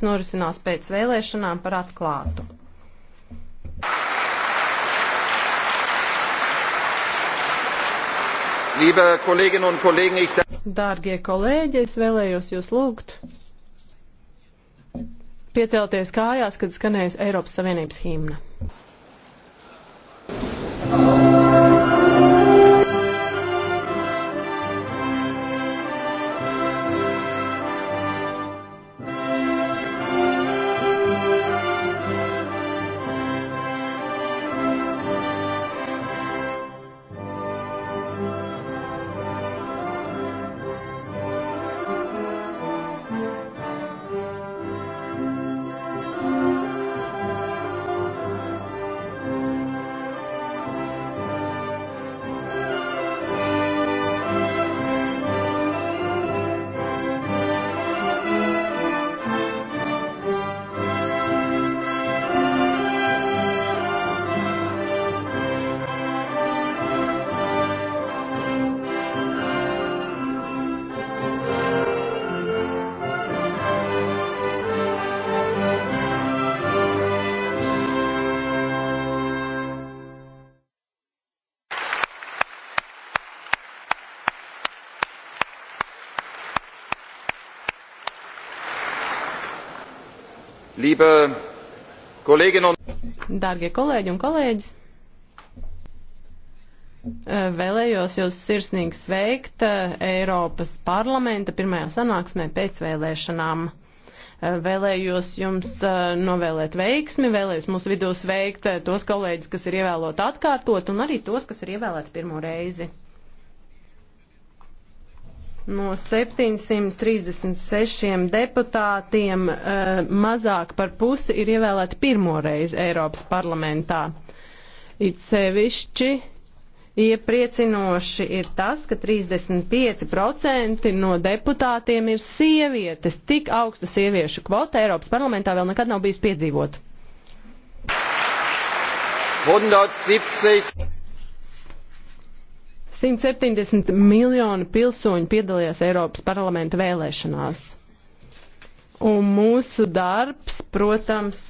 konflikts norisinās pēc vēlēšanām par atklātu. Dārgie kolēģi, es vēlējos jūs lūgt piecelties kājās, kad skanēs Eiropas Savienības himna. Liebe Kolleginnen un Dārgie kolēģi un kolēģis, eh, vēlējos jūs sirsnīgi sveikt eh, Eiropas parlamenta pirmajā sanāksmē pēc vēlēšanām. Eh, vēlējos jums novēlēt veiksmi, vēlējos mūsu vidū sveikt tos kolēģis, kas ir ievēlot atkārtot, un arī tos, kas ir ievēlēti pirmo reizi. No 736 deputātiem eh, mazāk par pusi ir ievēlēti pirmoreiz Eiropas parlamentā. It sevišķi Iepriecinoši ir tas, ka 35% no deputātiem ir sievietes. Tik augsta sieviešu kvota Eiropas parlamentā vēl nekad nav bijusi piedzīvota. 170. 170 miljoni pilsoņu piedalījās Eiropas parlamenta vēlēšanās. Un mūsu darbs, protams,